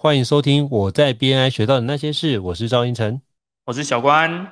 歡迎收聽我在 BNI 學到的那些事，我是趙胤丞，我是小關，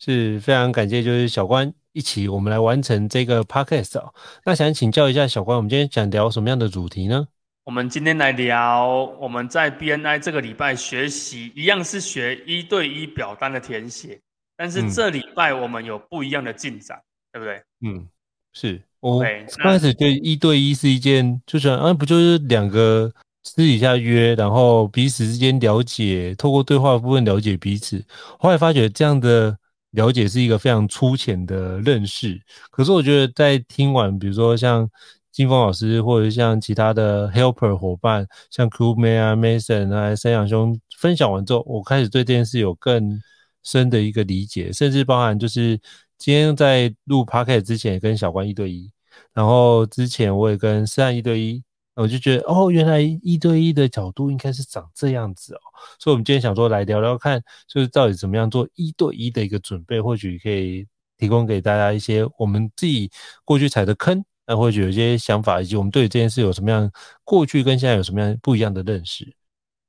是非常感謝，就是小關一起我們來完成這個 podcast 哦。那想請教一下小關，我們今天想聊什麼樣的主題呢？我們今天來聊我們在 BNI 這個禮拜學習一樣是學一對一表單的填寫，但是這禮拜我們有不一樣的進展，嗯，對不對？嗯，是我剛開始對一對一是一件就是啊不就是兩個。私底下約，然後彼此之間了解，透過對話部分了解彼此。後來發覺這樣的了解是一個非常粗淺的認識。可是我覺得在聽完，比如說像金峰老師，或者像其他的 helper 夥伴，像 Cool Man 啊、Mason 啊、沈養兄分享完之後，我開始對這件事有更深的一個理解，甚至包含就是今天在錄 podcast 之前也跟小關一對一，然後之前我也跟沈養一對一。我就覺得哦，原來一對一的角度應該是長這樣子哦，所以我們今天想說來聊聊看，就是到底怎麼樣做一對一的一個準備，或許可以提供給大家一些我們自己過去踩的坑，那、呃、或許有一些想法，以及我們對這件事有什麼樣過去跟現在有什麼樣不一樣的認識。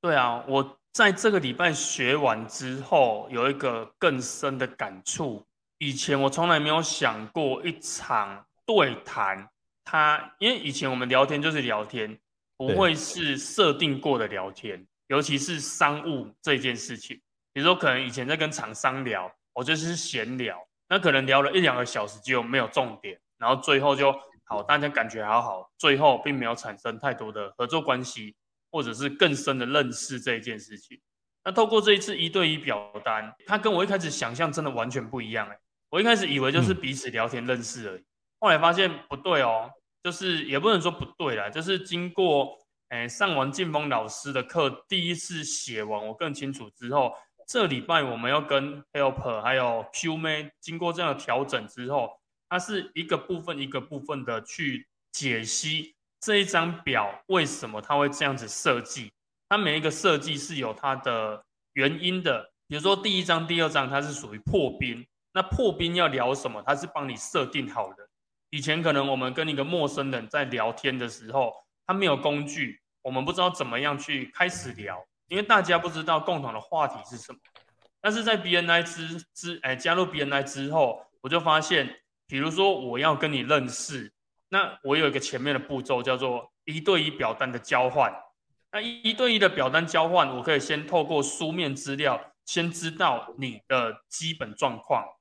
對啊，我在這個禮拜學完之後，有一個更深的感觸，以前我從來沒有想過一場對談。他因為以前我們聊天就是聊天，不會是設定過的聊天，對尤其是商務這件事情。比如說，可能以前在跟廠商聊，我就是閒聊，那可能聊了一兩個小時就沒有重點，然後最後就好，大家感覺還好，最後並沒有產生太多的合作關係，或者是更深的認識這一件事情。那透過這一次一對一表單，他跟我一開始想象真的完全不一樣，欸、我一開始以為就是彼此聊天認識而已，嗯、後來發現不對哦。就是也不能說不對啦，就是經過誒、欸、上完靜峰老師的課，第一次寫完我更清楚之後，這禮拜我們要跟 helper 還有 Q May 經過這樣的調整之後，它是一個部分一個部分的去解析這一張表為什麼它會這樣子設計，它每一個設計是有它的原因的。比如說第一張、第二張，它是屬於破冰，那破冰要聊什麼？它是幫你設定好的。以前可能我們跟一個陌生人在聊天的時候，他沒有工具，我們不知道怎麼樣去開始聊，因為大家不知道共同的話題是什麼。但是在 BNI 之、之，哎，加入 BNI 之後，我就發現，比如說我要跟你認識，那我有一個前面的步驟叫做一對一表單的交換。那一一對一的表單交換，我可以先透過書面資料，先知道你的基本狀況。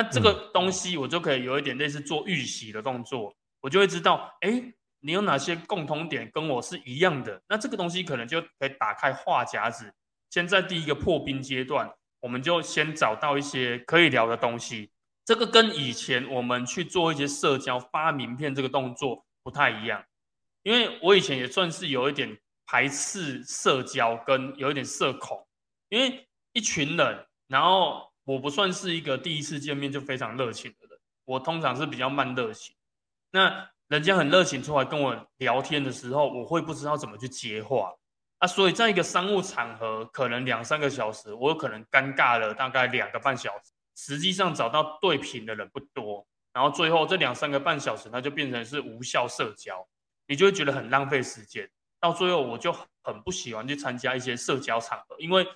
那這個東西我就可以有一點類似做預習的動作，我就會知道，哎、欸，你有哪些共同點跟我是一樣的。那這個東西可能就可以打開話匣子。現在第一個破冰階段，我們就先找到一些可以聊的東西。這個跟以前我們去做一些社交、發名片這個動作不太一樣，因為我以前也算是有一點排斥社交，跟有一點社恐，因為一群人，然後。我不算是一個第一次見面就非常熱情的人，我通常是比較慢熱情。那人家很熱情出來跟我聊天的時候，我會不知道怎麼去接話。啊，所以在一個商務場合，可能兩三個小時，我有可能尷尬了大概兩個半小時。實際上找到對品的人不多，然後最後這兩三個半小時，那就變成是無效社交，你就會覺得很浪費時間。到最後，我就很不喜歡去參加一些社交場合，因為。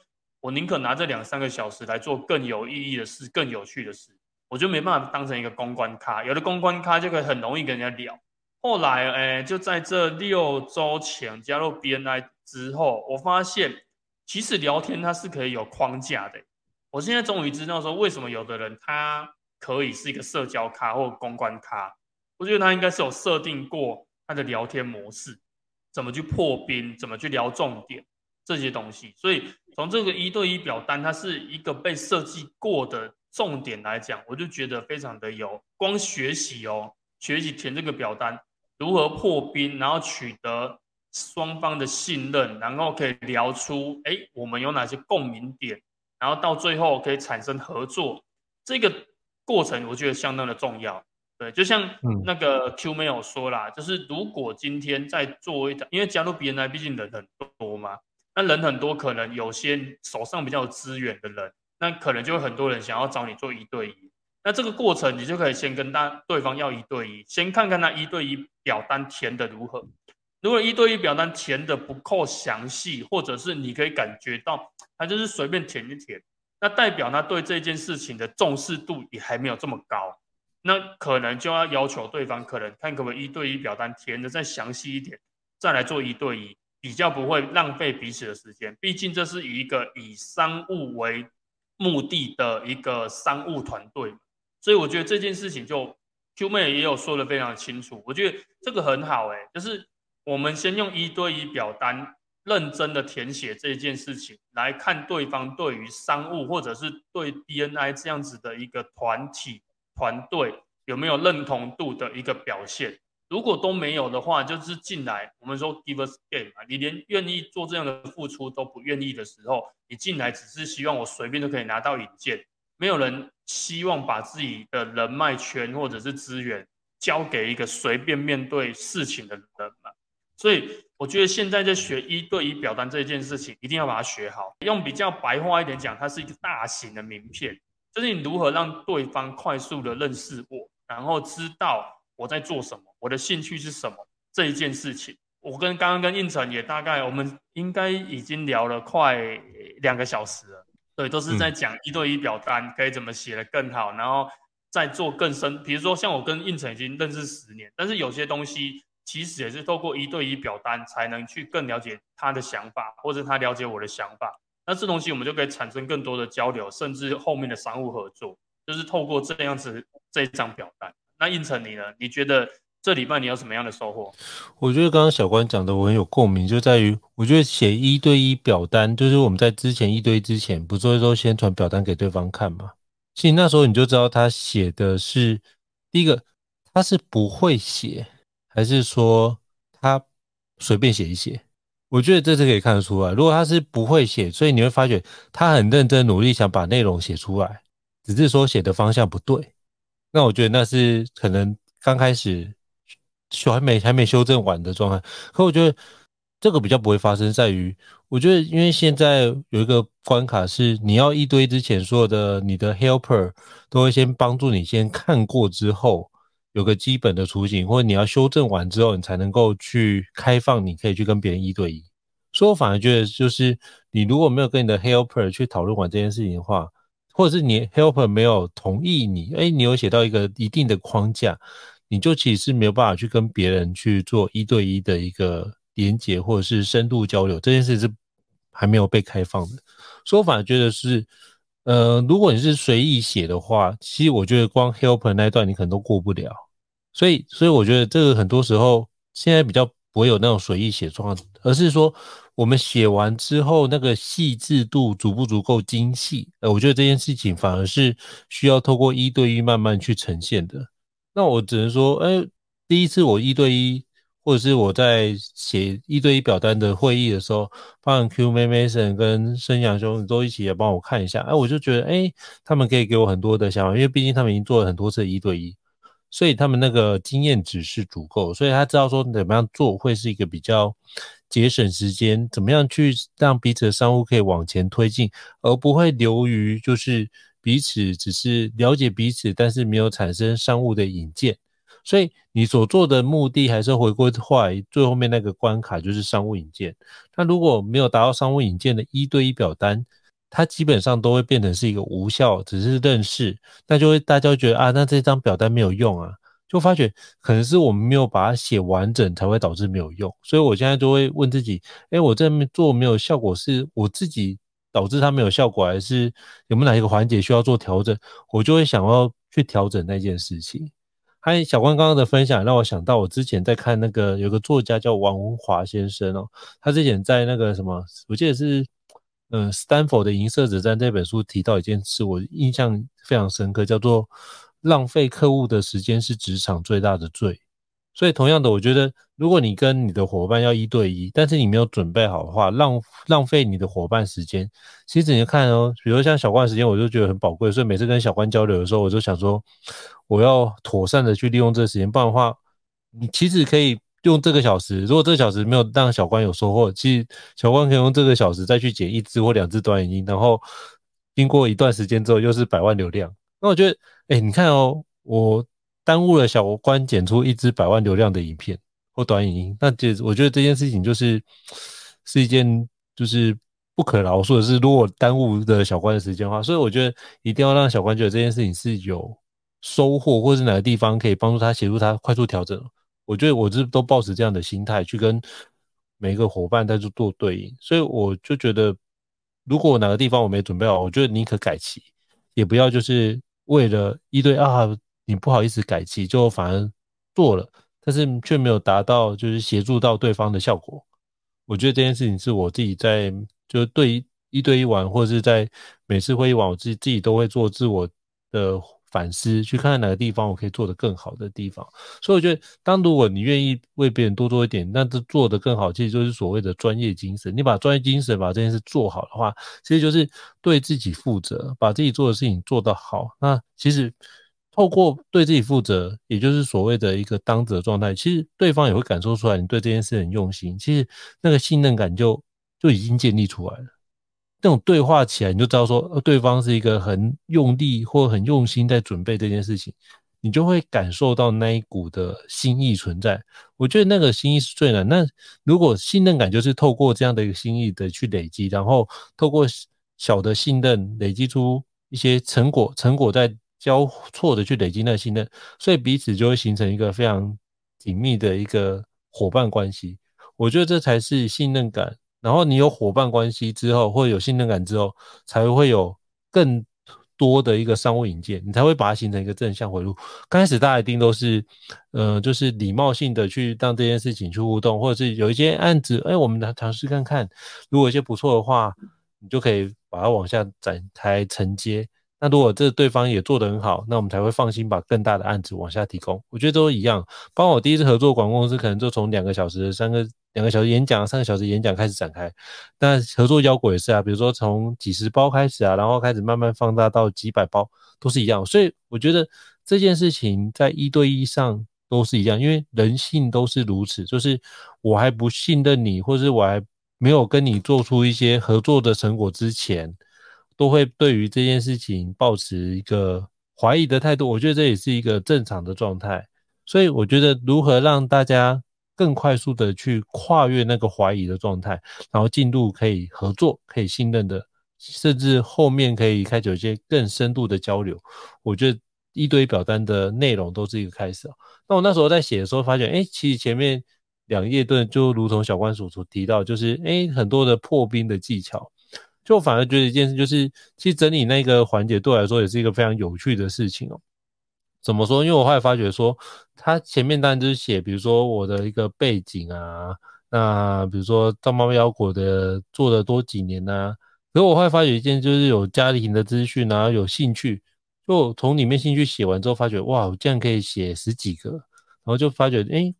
我寧可拿這兩三個小時來做更有意義的事，更有趣的事，我就沒辦法當成一個公關咖。有的公關咖就可以很容易跟人家聊。後來，誒、欸，就在這六周前加入 BNI 之後，我發現其實聊天它是可以有框架的欸。我現在終於知道說，為什麼有的人他可以是一個社交咖或公關咖，我覺得他應該是有設定過他的聊天模式，怎麼去破冰，怎麼去聊重點。這些東西，所以從這個一對一表單，它是一個被設計過的重點來講，我就覺得非常的有。光學習哦，學習填這個表單，如何破冰，然後取得雙方的信任，然後可以聊出，哎，我們有哪些共鳴點，然後到最後可以產生合作，這個過程我覺得相當的重要。對，就像那個 Q 沒有說啦，就是如果今天在做一場，因為加入 BNI 畢竟人很多嘛。那人很多，可能有些手上比較有資源的人，那可能就會很多人想要找你做一對一。那這個過程，你就可以先跟他對方要一對一，先看看他一對一表單填的如何。如果一對一表單填的不夠詳細，或者是你可以感覺到他就是隨便填一填，那代表他對這件事情的重視度也還沒有這麼高，那可能就要要求對方可能看可不可以一對一表單填的再詳細一點，再來做一對一。比較不會浪費彼此的時間，畢竟這是一個以商務為目的的一個商務團隊，所以我覺得這件事情就 Q 妹也有說的非常清楚，我覺得這個很好誒、欸，就是我們先用一對一表單，認真的填寫這件事情，來看對方對於商務或者是對 BNI 這樣子的一個團體團隊有沒有認同度的一個表現。如果都沒有的話，就是進來我們說 Givers Gain 啊，你連願意做這樣的付出都不願意的時候，你進來只是希望我隨便都可以拿到引薦，沒有人希望把自己的人脈圈或者是資源交給一個隨便面對事情的人嘛。所以我覺得現在在學一對一表單這件事情，一定要把它學好。用比較白話一點講，它是一個大型的名片，就是你如何讓對方快速的認識我，然後知道我在做什麼。我的興趣是什麼？這一件事情，我跟剛剛跟胤丞，也大概我們應該已經聊了快兩個小時了，對，都是在講一對一表單、嗯、可以怎麼寫得更好，然後再做更深，比如說像我跟胤丞已經認識十年，但是有些東西其實也是透過一對一表單才能去更了解他的想法，或者他了解我的想法，那這東西我們就可以產生更多的交流，甚至後面的商務合作，就是透過這樣子這一張表單。那胤丞你呢？你覺得？這禮拜你有什麼樣的收穫？我覺得剛剛小關講的我很有共鳴，就在於我覺得寫一對一表單，就是我們在之前一對一之前，不是都先傳表單給對方看嘛？其實那時候你就知道他寫的是第一個，他是不會寫，還是說他隨便寫一寫？我覺得這次可以看得出來，如果他是不會寫，所以你會發覺他很認真努力想把內容寫出來，只是說寫的方向不對。那我覺得那是可能剛開始。還沒還沒修正完的狀態，可我覺得這個比較不會發生，在於我覺得因為現在有一個關卡是你要一堆之前說的你的 helper 都會先幫助你先看過之後，有個基本的雛形，或者你要修正完之後你才能夠去開放，你可以去跟別人一對一。所以我反而覺得就是你如果沒有跟你的 helper 去討論完這件事情的話，或者是你 helper 沒有同意你，誒、欸、你有寫到一個一定的框架。你就其實是沒有辦法去跟別人去做一對一的一個連接，或者是深度交流，這件事是還沒有被開放的。所以我反而，覺得是，呃，如果你是隨意寫的話，其實我覺得光 helper 那一段你可能都過不了。所以，所以我覺得這個很多時候現在比較不會有那種隨意寫狀況，而是說我們寫完之後那個細緻度足不足夠精細。呃，我覺得這件事情反而是需要透過一對一慢慢去呈現的。那我只能說，哎，第一次我一對一，或者是我在寫一對一表單的會議的時候，放 Q Mason 跟申洋兄都一起也幫我看一下，哎，我就覺得，哎，他們可以給我很多的想法，因為畢竟他們已經做了很多次的一對一，所以他們那個經驗值是足夠，所以他知道說怎麼樣做會是一個比較節省時間，怎麼樣去讓彼此的商務可以往前推進，而不會流於就是。彼此只是了解彼此，但是沒有產生商務的引薦，所以你所做的目的還是回歸的話，最後面那個關卡就是商務引薦。那如果沒有達到商務引薦的一對一表單，它基本上都會變成是一個無效，只是認識，那就會大家會覺得啊，那這張表單沒有用啊，就發覺可能是我們沒有把它寫完整，才會導致沒有用。所以我現在就會問自己，誒，我這做沒有效果，是我自己。導致它沒有效果，還是有沒有哪一個環節需要做調整？我就會想要去調整那件事情。嗨，小關剛剛的分享讓我想到，我之前在看那個有個作家叫王文華先生哦，他之前在那個什麼，我記得是嗯，斯坦福的《銀色子彈》這本書提到一件事，我印象非常深刻，叫做浪費客戶的時間是職場最大的罪。所以，同樣的，我覺得，如果你跟你的夥伴要一對一，但是你沒有準備好的話，浪浪費你的夥伴時間。其實你看哦，比如像小關的時間，我就覺得很寶貴。所以每次跟小關交流的時候，我就想說，我要妥善的去利用這個時間。不然的話，你其實可以用這個小時，如果這個小時沒有讓小關有收穫，其實小關可以用這個小時再去剪一支或兩支短影音，然後經過一段時間之後，又是百萬流量。那我覺得，哎，你看哦，我。耽誤了小關剪出一支百萬流量的影片或短影音，那這我覺得這件事情就是是一件就是不可饒恕的事，如果耽誤了小關的時間的話，所以我覺得一定要讓小關覺得這件事情是有收穫，或是哪個地方可以幫助他協助他快速調整。我覺得我這都抱持這樣的心態去跟每個夥伴在做對應，所以我就覺得如果哪個地方我沒準備好，我覺得寧可改期，也不要就是為了一對二。你不好意思改期，就反而做了，但是卻沒有達到就是協助到對方的效果。我覺得這件事情是我自己在就是對一,一對一完，或者是在每次會議完，我自己自己都會做自我的反思，去看看哪個地方我可以做得更好的地方。所以我覺得，當如果你願意為別人多做一點，那這做得更好，其實就是所謂的專業精神。你把專業精神把這件事做好的話，其實就是對自己負責，把自己做的事情做得好。那其實。透過對自己負責，也就是所謂的一個當責狀態，其實對方也會感受出來你對這件事很用心。其實那個信任感就就已經建立出來了。那種對話起來，你就知道說，對方是一個很用力或很用心在準備這件事情，你就會感受到那一股的心意存在。我覺得那個心意是最難。那如果信任感就是透過這樣的一個心意的去累積，然後透過小的信任累積出一些成果，成果在。交錯的去累積那個信任，所以彼此就會形成一個非常緊密的一個夥伴關係。我覺得這才是信任感。然後你有夥伴關係之後，或者有信任感之後，才會有更多的一個商務引薦，你才會把它形成一個正向回路。剛開始大家一定都是，呃，就是禮貌性的去當這件事情去互動，或者是有一些案子，哎，我們來嘗試看看，如果有一些不錯的話，你就可以把它往下展開承接。那如果這對方也做得很好，那我們才會放心把更大的案子往下提供。我覺得都一樣，包括我第一次合作廣告公司，可能就從兩個小時、三個兩個小時演講、三個小時演講開始展開。那合作腰果也是啊，比如說從幾十包開始啊，然後開始慢慢放大到幾百包，都是一樣。所以我覺得這件事情在一對一上都是一樣，因為人性都是如此，就是我還不信任你，或是我還沒有跟你做出一些合作的成果之前，都會對於這件事情抱持一個懷疑的態度，我覺得這也是一個正常的狀態。所以我覺得如何讓大家更快速的去跨越那個懷疑的狀態，然後進入可以合作、可以信任的，甚至後面可以開始有些更深度的交流，我覺得一對一表單的內容都是一個開始。那我那時候在寫的時候，發現哎，其實前面兩頁盾就如同小關所所提到，就是哎很多的破冰的技巧。就反而覺得一件事，就是其實整理那個環節對我來說也是一個非常有趣的事情哦、喔。怎麼說？因為我後來發覺說，他前面當然就是寫，比如說我的一個背景啊，那比如說趙媽媽腰果的做了多幾年呢、啊。可是我會發覺一件，就是有家庭的資訊，然後有興趣，就從裡面興趣寫完之後，發覺哇，我竟然可以寫十幾個，然後就發覺誒、欸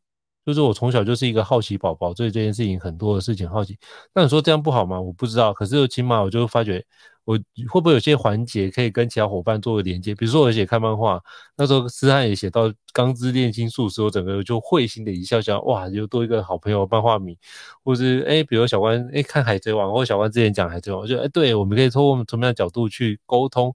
就是我從小就是一個好奇寶寶，對這件事情很多的事情好奇。那你說這樣不好嗎？我不知道。可是起碼我就發覺，我會不會有些環節可以跟其他伙伴做個連接？比如說我寫看漫畫，那時候思翰也寫到鋼之煉金術師，我整個就會心的一笑笑，哇，又多一個好朋友漫畫迷。或是誒、欸，比如小關誒、欸，看海賊王，或小關之前講海賊王，我覺得誒，對，我們可以通過我們同樣的角度去溝通，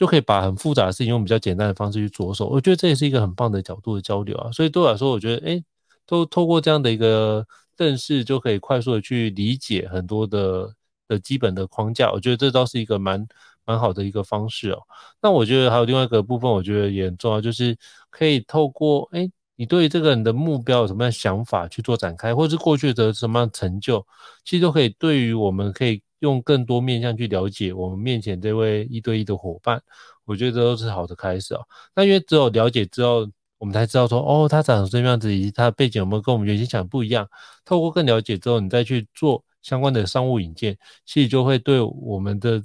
就可以把很複雜的事情用比較簡單的方式去着手，我覺得這也是一個很棒的角度的交流啊。所以對我來說，我覺得哎、欸，都透過這樣的一個認識，就可以快速的去理解很多的的基本的框架。我覺得這倒是一個蠻蠻好的一個方式哦。那我覺得還有另外一個部分，我覺得也很重要，就是可以透過哎、欸，你對於這個人的目標有什麼樣的想法去做展開，或者是過去的什麼樣的成就，其實都可以對於我們可以。用更多面向去了解我們面前這位一對一的伙伴，我覺得都是好的開始哦。那因為只有了解之後，我們才知道說，哦，他長成什麼樣子，以及他的背景有沒有跟我們原先想的不一樣。透過更了解之後，你再去做相關的商務引薦，其實就會對我們的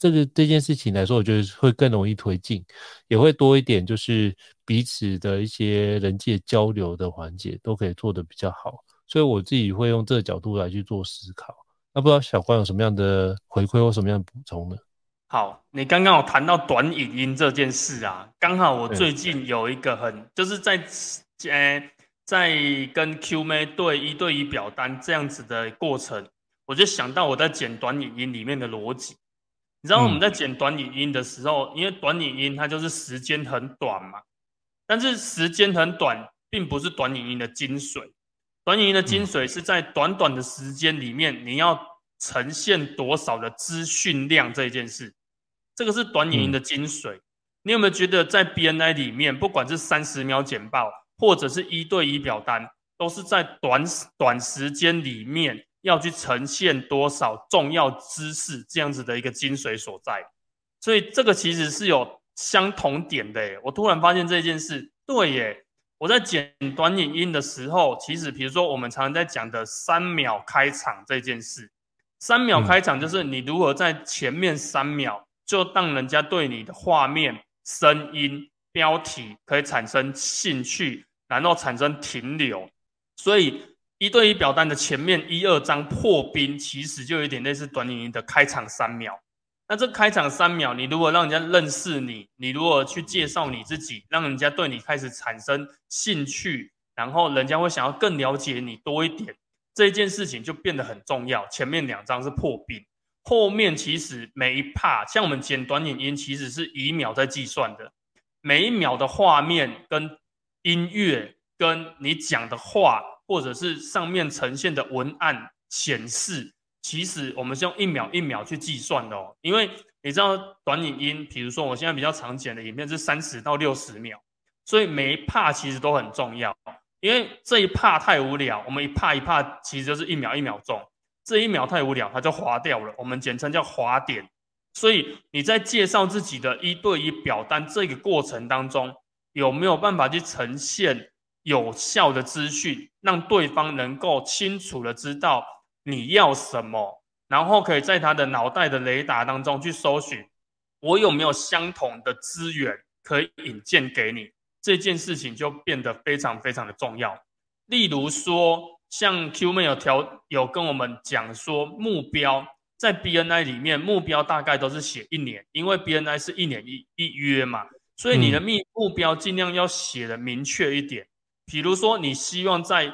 這個這件事情來說，我覺得會更容易推進，也會多一點，就是彼此的一些人際交流的環節都可以做得比較好。所以我自己會用這個角度來去做思考。那不知道小關有什麼樣的回饋或什麼樣的補充呢？好，你剛剛有談到短影音這件事啊，剛好我最近有一個很、嗯、就是在、欸、在跟 Q 妹對一對一表單這樣子的過程，我就想到我在剪短影音裡面的邏輯。你知道我們在剪短影音的時候，嗯、因為短影音它就是時間很短嘛，但是時間很短並不是短影音的精髓。短影音的精髓是在短短的時間裡面，你要呈現多少的資訊量這件事，這個是短影音的精髓。你有沒有覺得在 B N I 裡面，不管是三十秒簡報或者是一對一表單，都是在短短時間裡面要去呈現多少重要知識這樣子的一個精髓所在？所以這個其實是有相同點的。誒我突然發現這件事，對耶。我在剪短影音的時候，其實比如說我們常常在講的三秒開場這件事，三秒開場就是你如何在前面三秒、嗯、就讓人家對你的畫面、聲音、標題可以產生興趣，然後產生停留。所以一對一表單的前面一二張破冰，其實就有點類似短影音的開場三秒。那這開場三秒，你如果讓人家認識你，你如果去介紹你自己，讓人家對你開始產生興趣，然後人家會想要更了解你多一點，這件事情就變得很重要。前面兩張是破冰，後面其實每一趴，像我們剪短影音，其實是一秒在計算的，每一秒的畫面跟音樂，跟你講的話，或者是上面呈現的文案顯示。其實我們是用一秒一秒去計算的哦，因為你知道短影音，比如說我現在比較常剪的影片是三十到六十秒，所以每一怕其實都很重要，因為這一怕太無聊，我們一怕一怕其實就是一秒一秒鐘，這一秒太無聊，它就滑掉了，我們簡稱叫滑點。所以你在介紹自己的一對一表單這個過程當中，有沒有辦法去呈現有效的資訊，讓對方能夠清楚的知道？你要什麼，然後可以在他的腦袋的雷達當中去搜尋，我有沒有相同的資源可以引薦給你？這件事情就變得非常非常的重要。例如說，像 Q m 有條有跟我們講說，目標在 BNI 裡面，目標大概都是寫一年，因為 BNI 是一年一一約嘛，所以你的目目標盡量要寫得明確一點。嗯，比如說，你希望在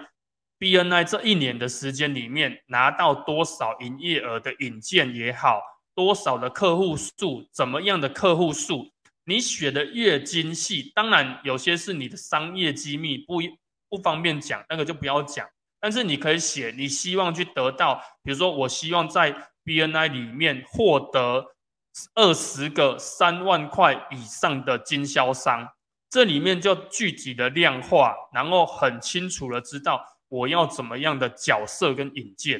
BNI 這一年的時間裡面，拿到多少營業額的引薦也好，多少的客戶數，怎麼樣的客戶數，你寫的越精細，當然有些是你的商業機密，不不方便講，那個就不要講。但是你可以寫，你希望去得到，比如說，我希望在 BNI 裡面獲得二十個三萬塊以上的經銷商，這裡面就具體的量化，然後很清楚的知道。我要怎麼樣的角色跟引薦？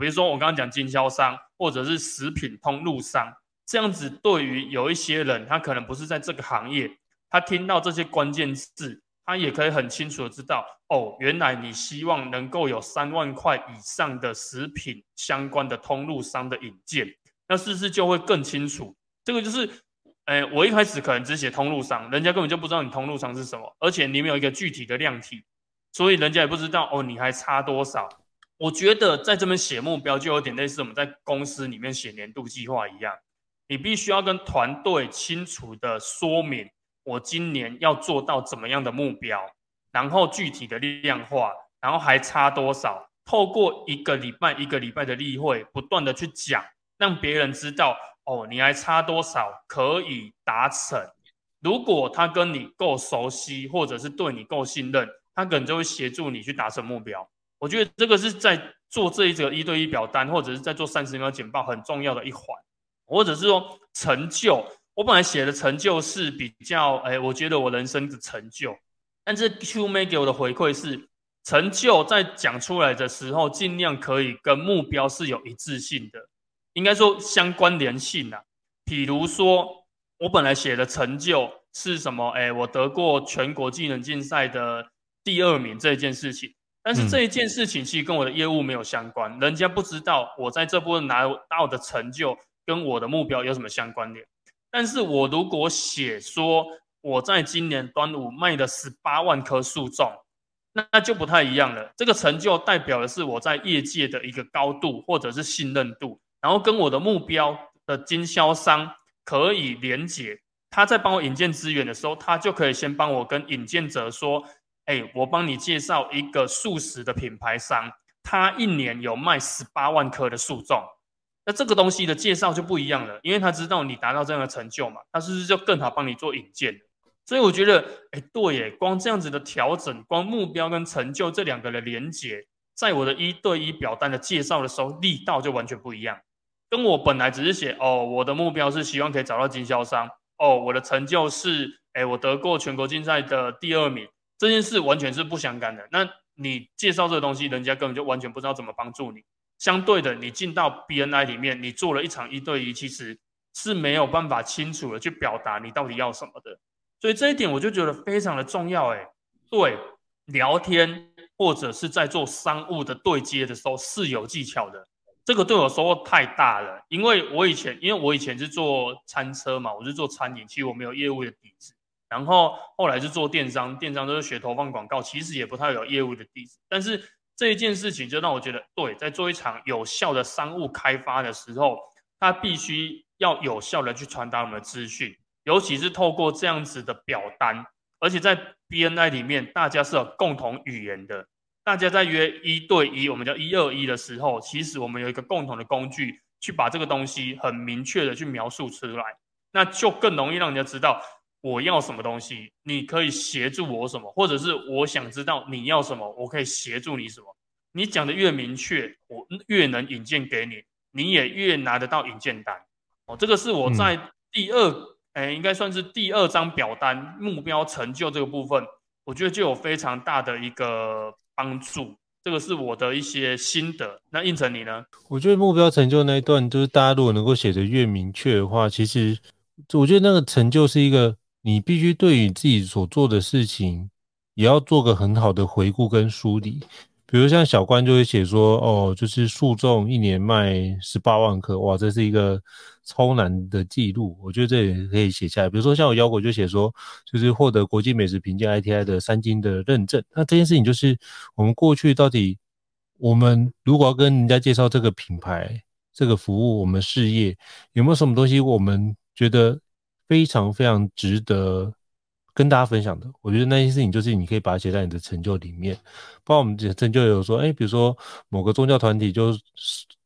比如說我剛剛講經銷商，或者是食品通路商，這樣子對於有一些人，他可能不是在這個行業，他聽到這些關鍵字，他也可以很清楚的知道哦，原來你希望能夠有三萬塊以上的食品相關的通路商的引薦，那是不是就會更清楚？這個就是，哎，我一開始可能只寫通路商，人家根本就不知道你通路商是什麼，而且你沒有一個具體的量體。所以人家也不知道哦，你還差多少？我覺得在這邊寫目標就有點類似我們在公司裡面寫年度計劃一樣，你必須要跟團隊清楚的說明我今年要做到怎麼樣的目標，然後具體的量化，然後還差多少？透過一個禮拜一個禮拜的例會，不斷的去講，讓別人知道哦，你還差多少可以達成？如果他跟你夠熟悉，或者是對你夠信任。他可能就會協助你去達成目標。我覺得這個是在做這一則一對一表單，或者是在做三十秒簡報很重要的一環，或者是說成就。我本來寫的成就是比較，哎，我覺得我人生的成就。但是 Q m 妹給我的回饋是，成就在講出來的時候，儘量可以跟目標是有一致性的，應該說相關聯性啦、啊。比如說我本來寫的成就是什麼？哎，我得過全國技能競賽的。第二名這一件事情，但是這一件事情其實跟我的業務沒有相關，嗯、人家不知道我在這波拿到的成就跟我的目標有什麼相關聯。但是我如果寫說我在今年端午賣了十八萬棵素粽，那,那就不太一樣了。這個成就代表的是我在業界的一個高度或者是信任度，然後跟我的目標的經銷商可以連接，他在幫我引薦資源的時候，他就可以先幫我跟引薦者說。哎、欸，我幫你介紹一個素食的品牌商，他一年有賣十八萬顆的素粽。那這個東西的介紹就不一樣了，因為他知道你達到這樣的成就嘛，他是不是就更好幫你做引薦？所以我覺得，哎、欸，對耶、欸，光這樣子的調整，光目標跟成就這兩個的連結，在我的一對一表單的介紹的時候，力道就完全不一樣。跟我本來只是寫哦，我的目標是希望可以找到經銷商，哦，我的成就是哎、欸，我得過全國競賽的第二名。這件事完全是不相干的，那你介紹這個東西，人家根本就完全不知道怎麼幫助你。相對的，你進到 BNI 裡面，你做了一場一對一，其實是沒有辦法清楚的去表達你到底要什麼的。所以這一點我就覺得非常的重要。哎，對，聊天或者是在做商務的對接的時候是有技巧的。這個對我收穫太大了，因為我以前，因為我以前是做餐車嘛，我是做餐飲，其實我沒有業務的底子。然後後來就做電商，電商都是學投放廣告，其實也不太有業務的底子，但是這一件事情就讓我覺得，對，在做一場有效的商務開發的時候，它必須要有效的去傳達我們的資訊，尤其是透過這樣子的表單。而且在 BNI 裡面，大家是有共同語言的。大家在約一對一，我們叫一二一的時候，其實我們有一個共同的工具，去把這個東西很明確的去描述出來，那就更容易讓人家知道，我要什麼東西，你可以協助我什麼，或者是我想知道你要什麼，我可以協助你什麼。你講的越明確，我越能引薦給你，你也越拿得到引薦單。哦，這個是我在第二，哎、嗯欸，應該算是第二張表單目標成就這個部分，我覺得就有非常大的一個幫助。這個是我的一些心得。那應成胤丞你呢？我覺得目標成就那一段，就是大家如果能夠寫得越明確的話，其實我覺得那個成就是一個。你必須對你自己所做的事情，也要做個很好的回顧跟梳理。比如像小關就會寫說：“哦，就是素粽一年賣十八萬顆，哇，這是一個超難的記錄。”我覺得這也可以寫下來。比如說像我腰果就寫說：“就是獲得國際美食評價 ITI 的三金的認證。”那這件事情就是我們過去到底，我們如果要跟人家介紹這個品牌、這個服務、我們事業，有沒有什麼東西我們覺得？非常非常值得跟大家分享的，我覺得那件事情就是你可以把它寫在你的成就裡面。包括我們也成就有說，哎，比如說某個宗教團體就是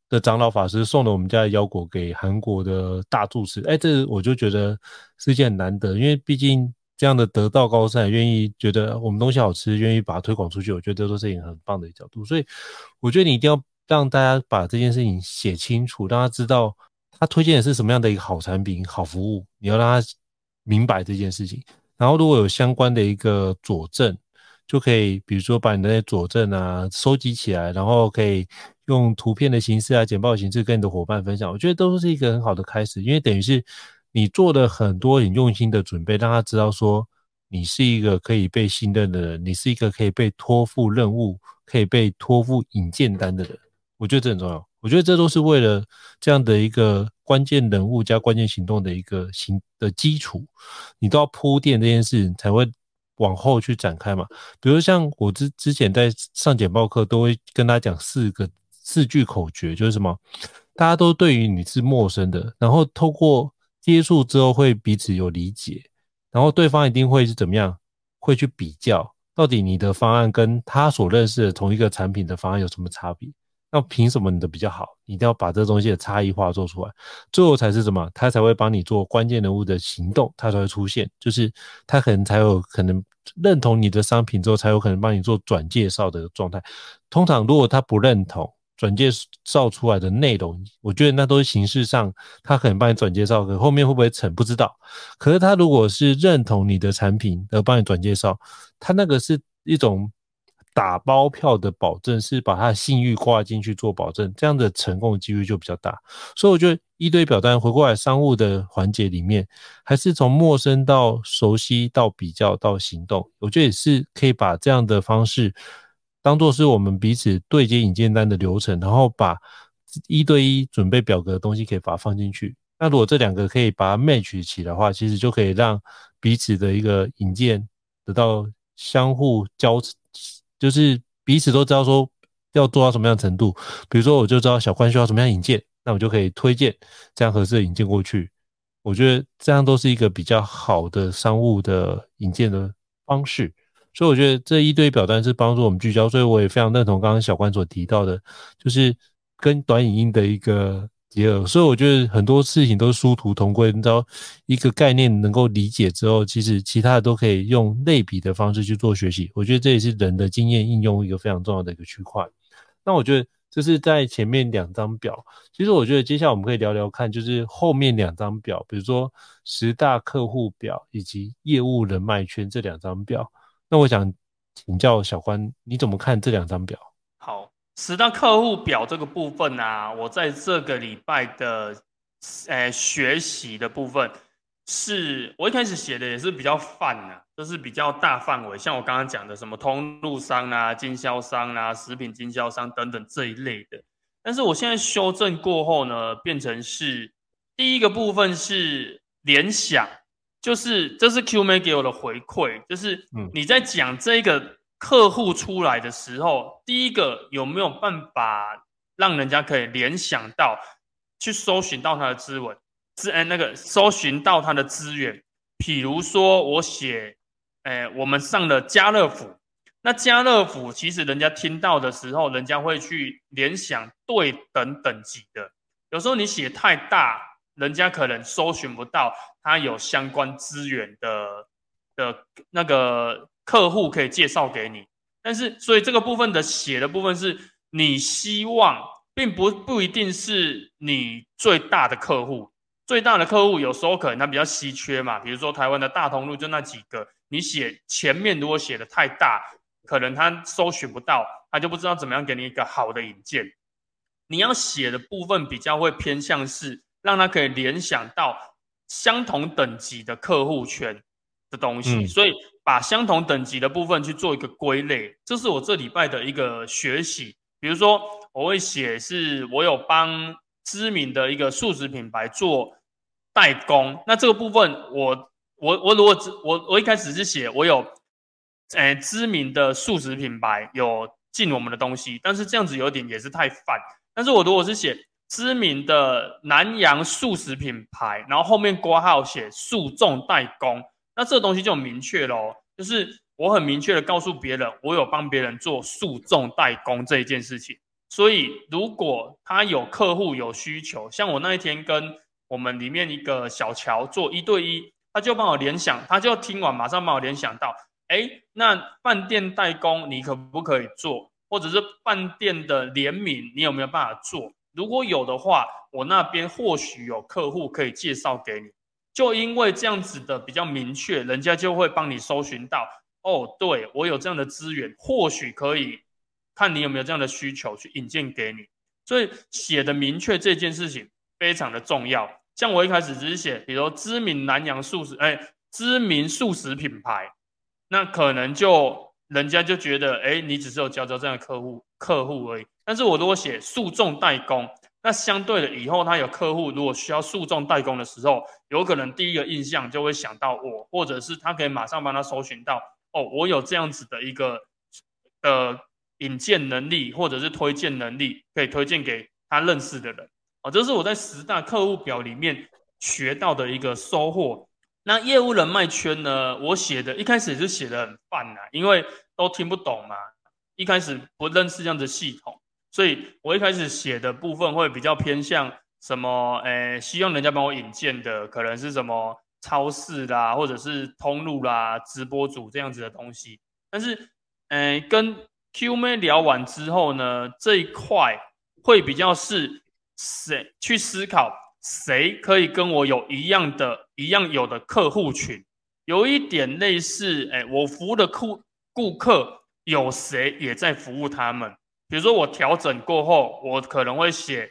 的長老法師送了我們家的腰果給韓國的大住持，哎，這我就覺得是一件很難得，因為畢竟這樣的得道高僧願意覺得我們東西好吃，願意把它推廣出去，我覺得這都是一個很棒的一角度。所以我覺得你一定要讓大家把這件事情寫清楚，讓他知道。他推薦的是什麼樣的一個好產品、好服務？你要讓他明白這件事情。然後如果有相關的一個佐證，就可以，比如說把你的佐證啊收集起來，然後可以用圖片的形式啊、簡報形式跟你的夥伴分享。我覺得都是一個很好的開始，因為等於是你做了很多很用心的準備，讓他知道說你是一個可以被信任的人，你是一個可以被托付任務、可以被托付引薦單的人。我覺得這很重要。我覺得這都是為了這樣的一個關鍵人物加關鍵行動的一個行的基礎，你都要鋪墊這件事，你才會往後去展開嘛。比如像我之之前在上簡報課，都會跟大家講四個四句口訣，就是什麼？大家都對於你是陌生的，然後透過接觸之後會彼此有理解，然後對方一定會是怎麼樣？會去比較到底你的方案跟他所認識的同一個產品的方案有什麼差別。那憑什麼你的比較好？你一定要把這東西的差異化做出來，最後才是什麼？他才會幫你做關鍵人物的行動，他才會出現。就是他可能才有可能認同你的商品之後，才有可能幫你做轉介紹的狀態。通常如果他不認同轉介紹出來的內容，我覺得那都是形式上他可能幫你轉介紹，可後面會不會成不知道。可是他如果是認同你的產品而幫你轉介紹，他那個是一種。打包票的保證是把他的信譽掛進去做保證，這樣的成功幾率就比較大。所以我覺得一對一表單回過來，商務的環節裡面，還是從陌生到熟悉到比較到行動，我覺得也是可以把這樣的方式當做是我們彼此對接引薦單的流程，然後把一對一準備表格的東西可以把它放進去。那如果這兩個可以把它 match 起的話，其實就可以讓彼此的一個引薦得到相互交。就是彼此都知道說要做到什麼樣的程度，比如說我就知道小關需要什麼樣的引薦，那我就可以推薦這樣合適的引薦過去。我覺得這樣都是一個比較好的商務的引薦的方式，所以我覺得這一對一表單是幫助我們聚焦。所以我也非常認同剛剛小關所提到的，就是跟短影音的一個。第二，yeah, 所以我覺得很多事情都是殊途同歸。你知道，一個概念，能夠理解之後，其實其他的都可以用類比的方式去做學習。我覺得這也是人的經驗應用一個非常重要的一個區塊。那我覺得這是在前面兩張表，其實我覺得接下來我們可以聊聊看，就是後面兩張表，比如說十大客戶表以及業務人脈圈這兩張表。那我想請教小關，你怎麼看這兩張表？好。死到客戶表這個部分啊，我在這個禮拜的，誒、欸、學習的部分是，是我一開始寫的也是比較泛的，啊，就是比較大範圍，像我剛剛講的什麼通路商啊、經銷商啊、食品經銷商等等這一類的。但是我現在修正過後呢，變成是第一個部分是聯想，就是這是 QMA 給我的回饋，就是你在講這個。嗯客戶出來的時候，第一個有沒有辦法讓人家可以聯想到去搜尋到他的資源是哎，那個搜尋到他的資源，譬如說我寫，哎，我們上了家樂福。那家樂福其實人家聽到的時候，人家會去聯想對等等級的。有時候你寫太大，人家可能搜尋不到它有相關資源的的那個。客戶可以介紹給你，但是所以這個部分的寫的部分是你希望，並不不一定是你最大的客戶。最大的客戶有時候可能他比較稀缺嘛，比如說台灣的大通路就那幾個。你寫前面如果寫的太大，可能他搜尋不到，他就不知道怎麼樣給你一個好的引薦。你要寫的部分比較會偏向是讓他可以聯想到相同等級的客戶圈的東西，嗯、所以。把相同等級的部分去做一個歸類，這是我這禮拜的一個學習。比如說，我會寫是我有幫知名的一個素食品牌做代工。那這個部分我，我我我如果只我我一開始是寫我有誒、欸、知名的素食品牌有進我們的東西，但是這樣子有點也是太泛。但是我如果是寫知名的南洋素食品牌，然後後面括號寫訴眾代工。那這東西就明確嘍，就是我很明確的告訴別人，我有幫別人做素食代工這一件事情。所以如果他有客戶有需求，像我那一天跟我們裡面一個小喬做一對一，他就幫我聯想，他就聽完馬上幫我聯想到，哎，那飯店代工你可不可以做，或者是飯店的聯名你有沒有辦法做？如果有的話，我那邊或許有客戶可以介紹給你。就因為這樣子的比較明確，人家就會幫你搜尋到。哦，對我有這樣的資源，或許可以看你有沒有這樣的需求去引薦給你。所以寫的明確這件事情非常的重要。像我一開始只是寫，比如說知名南洋素食，哎、欸，知名素食品牌，那可能就人家就覺得，哎、欸，你只是有教教這樣的客戶客戶而已。但是我如果寫素粽代工，那相對的，以後他有客戶如果需要訴訟代工的時候，有可能第一個印象就會想到我，或者是他可以馬上幫他搜尋到哦，我有這樣子的一個呃引薦能力，或者是推薦能力，可以推薦給他認識的人哦，這是我在十大客戶表裡面學到的一個收穫。那業務人脈圈呢，我寫的一開始也是寫得很泛吶、啊，因為都聽不懂嘛，一開始不認識這樣的系統。所以我一開始寫的部分會比較偏向什麼？誒、欸，希望人家幫我引薦的，可能是什麼超市啦，或者是通路啦、直播主這樣子的東西。但是，嗯、欸，跟 Q 妹聊完之後呢，這一塊會比較是誰去思考誰可以跟我有一樣的、一樣有的客戶群，有一點類似。誒、欸，我服務的客顧客有誰也在服務他們？比如說我調整過後，我可能會寫，誒、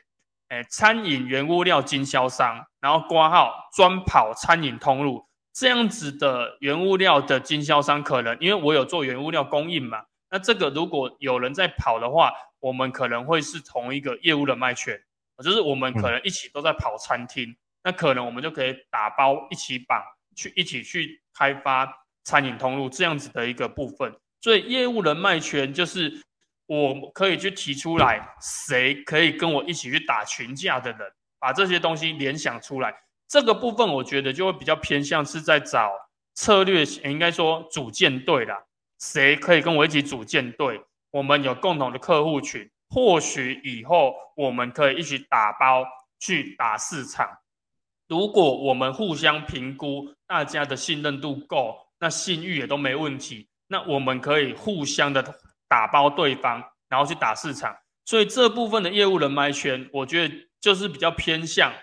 欸、餐飲原物料經銷商，然後括號專跑餐飲通路這樣子的原物料的經銷商，可能因為我有做原物料供應嘛，那這個如果有人在跑的話，我們可能會是同一個業務人脈圈，就是我們可能一起都在跑餐廳，嗯、那可能我們就可以打包一起綁去一起去開發餐飲通路這樣子的一個部分，所以業務人脈圈就是。我可以去提出來，誰可以跟我一起去打群架的人，把這些東西聯想出來。這個部分我覺得就會比較偏向是在找策略，應該說組建隊啦。誰可以跟我一起組建隊？我們有共同的客戶群，或許以後我們可以一起打包去打市場。如果我們互相評估，大家的信任度夠，那信譽也都沒問題，那我們可以互相的。打包對方，然後去打市場，所以這部分的業務人脈圈，我覺得就是比較偏向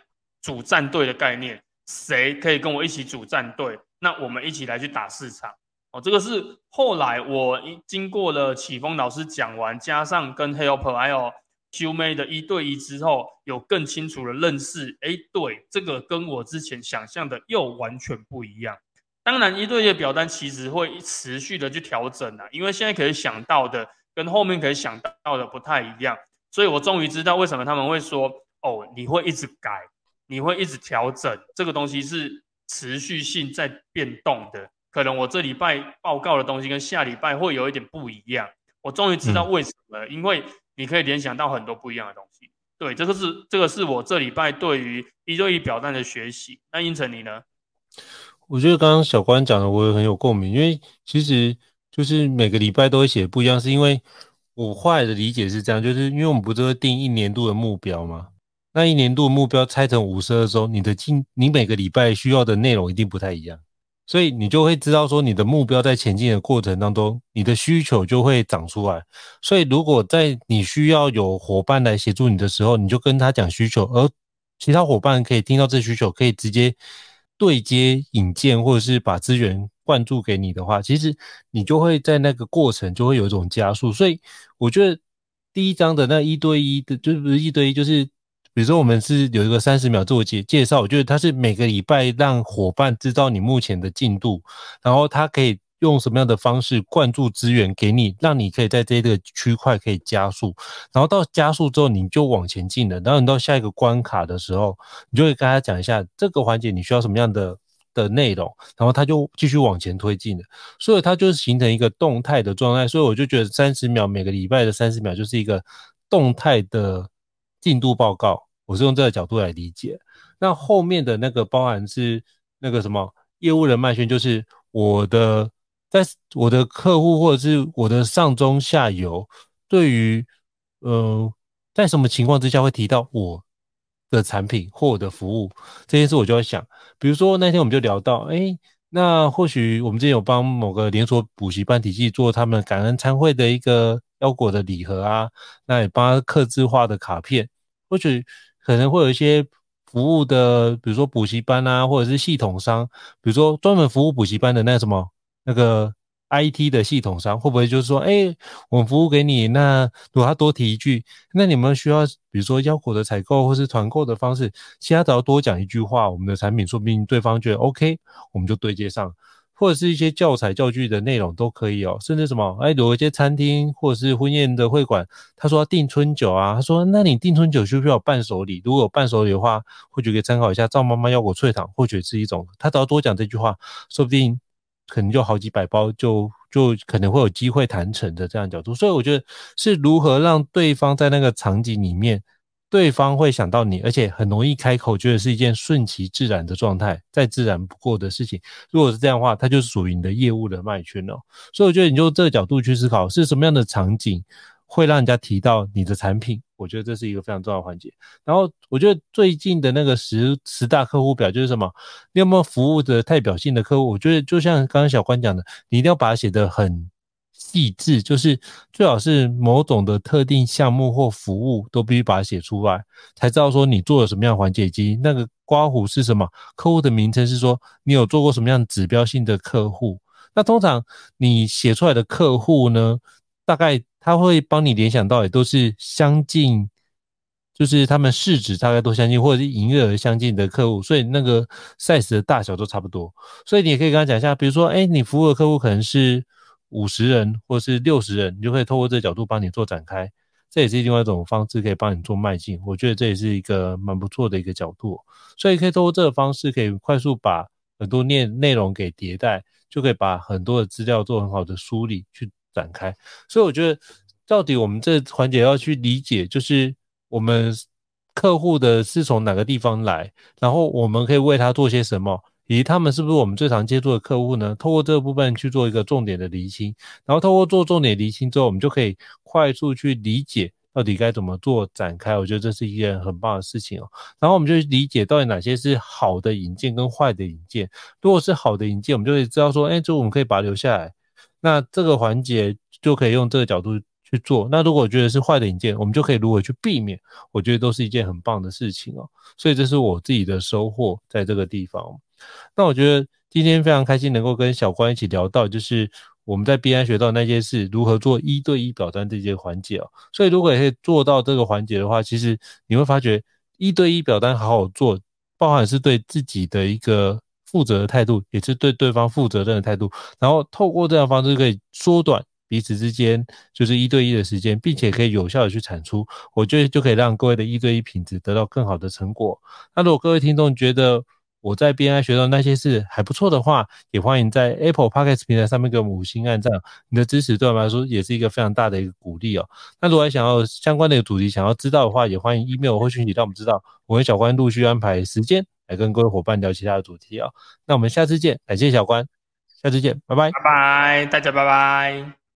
主戰隊的概念，誰可以跟我一起主戰隊，那我們一起來去打市場。哦，這個是後來我一經過了啟峰老師講完，加上跟 Help o i Q 妹的一對一之後，有更清楚的認識。誒，對，這個跟我之前想象的又完全不一樣。當然，一對一的表單其實會持續的去調整的、啊，因為現在可以想到的跟後面可以想到的不太一樣，所以我終於知道為什麼他們會說：“哦，你會一直改，你會一直調整，這個東西是持續性在變動的。”可能我這禮拜報告的東西跟下禮拜會有一點不一樣。我終於知道為什麼，嗯、因為你可以聯想到很多不一樣的東西。對，這個是這個是我這禮拜對於一對一表單的學習。那胤丞，你呢？我覺得剛剛小關講的我也很有共鳴，因為其實就是每個禮拜都會寫不一樣，是因為我後來的理解是這樣，就是因為我們不都會定一年度的目標嗎？那一年度的目標拆成五十二周，你的進你每個禮拜需要的內容一定不太一樣，所以你就會知道說你的目標在前進的過程當中，你的需求就會長出來。所以如果在你需要有夥伴來協助你的時候，你就跟他講需求，而其他夥伴可以聽到這需求，可以直接。對接、引薦，或者是把資源灌注給你的話，其實你就會在那個過程就會有一種加速。所以我覺得第一章的那一對一的，就是不是一對一，就是比如說我們是有一個三十秒自我介介紹。我覺得他是每個禮拜讓夥伴知道你目前的進度，然後他可以。用什麼樣的方式灌注資源給你，讓你可以在這個區塊可以加速，然後到加速之後你就往前進了，然後你到下一個關卡的時候，你就會跟他講一下這個環節你需要什麼樣的的內容，然後他就繼續往前推進了，所以它就是形成一個動態的狀態，所以我就覺得三十秒每個禮拜的三十秒就是一個動態的進度報告，我是用這個角度來理解。那後面的那個包含是那個什麼業務人脈圈，就是我的。在我的客戶或者是我的上中下游，對於，嗯、呃、在什麼情況之下會提到我的產品或我的服務，這件事我就要想，比如說那天我們就聊到，哎，那或許我們之前有幫某個連鎖補習班體系做他們感恩餐會的一個腰果的禮盒啊，那也幫他客製化的卡片，或許可能會有一些服務的，比如說補習班啊，或者是系統商，比如說專門服務補習班的那什麼。那個 IT 的系統上會不會就是說，哎、欸，我們服務給你。那如果他多提一句，那你們需要，比如說腰果的採購或是團購的方式，其他只要多講一句話，我們的產品說不定對方覺得 OK，我們就對接上。或者是一些教材教具的內容都可以哦，甚至什麼，哎、欸，有一些餐廳或者是婚宴的會館，他說訂春酒啊，他說那你訂春酒需不需要伴手禮，如果有伴手禮的話，或許可以參考一下趙媽媽腰果脆糖，或許是一種，他只要多講這句話，說不定。可能就好幾百包就，就就可能會有機會談成的這樣的角度，所以我覺得是如何讓對方在那個場景裡面，對方會想到你，而且很容易開口，覺得是一件順其自然的狀態，再自然不過的事情。如果是這樣的話，它就是屬於你的業務的脈圈了喔。所以我覺得你就這個角度去思考，是什麼樣的場景。會讓人家提到你的產品，我覺得這是一個非常重要的環節。然後，我覺得最近的那個十十大客戶表就是什麼？你有沒有服務的代表性的客戶？我覺得就像剛剛小關講的，你一定要把它寫得很細緻，就是最好是某種的特定項目或服務都必須把它寫出來，才知道說你做了什麼樣的環節機。那個刮胡是什麼？客戶的名稱是說你有做過什麼樣的指標性的客戶？那通常你寫出來的客戶呢，大概。他會幫你聯想到也都是相近，就是他們市值大概都相近，或者是營業額相近的客戶，所以那個 size 的大小都差不多。所以你也可以跟他講一下，比如說，哎，你服務的客戶可能是五十人，或是六十人，你就可以透過這個角度幫你做展開。這也是另外一種方式可以幫你做邁進。我覺得這也是一個蠻不錯的一個角度。所以可以通過這個方式，可以快速把很多內內容給迭代，就可以把很多的資料做很好的梳理去。展開，所以我覺得，到底我們這環節要去理解，就是我們客戶的是從哪個地方來，然後我們可以為他做些什麼，以及他們是不是我們最常接觸的客戶呢？透過這個部分去做一個重點的釐清，然後透過做重點的釐清之後，我們就可以快速去理解到底該怎麼做展開。我覺得這是一件很棒的事情哦。然後我們就去理解到底哪些是好的引薦跟壞的引薦，如果是好的引薦，我們就會知道說，哎，這我們可以把它留下來。那這個環節就可以用這個角度去做。那如果我覺得是壞的引薦，我們就可以如何去避免，我覺得都是一件很棒的事情哦。所以這是我自己的收穫在這個地方。那我覺得今天非常開心能夠跟小關一起聊到，就是我們在 BNI 學到那些事如何做一對一表單這些環節哦。所以如果也可以做到這個環節的話，其實你會發覺一對一表單好好做，包含是對自己的一個。負責的態度，也是對對方負責任的態度。然後透過這樣的方式，可以縮短彼此之間就是一對一的時間，並且可以有效的去產出。我覺得就可以讓各位的一對一品質得到更好的成果。那如果各位聽眾覺得我在 BNI 學到那些事還不錯的話，也歡迎在 Apple Podcast 平台上面給我們五星按讚。你的支持對我們來說也是一個非常大的一個鼓勵哦。那如果還想要相關的主題想要知道的話，也歡迎 email 或訊息讓我們知道，我跟小關陸續安排時間。跟各位夥伴聊其他的主題啊、哦，那我們下次見，感謝小關，下次見，拜拜，拜拜，大家拜拜。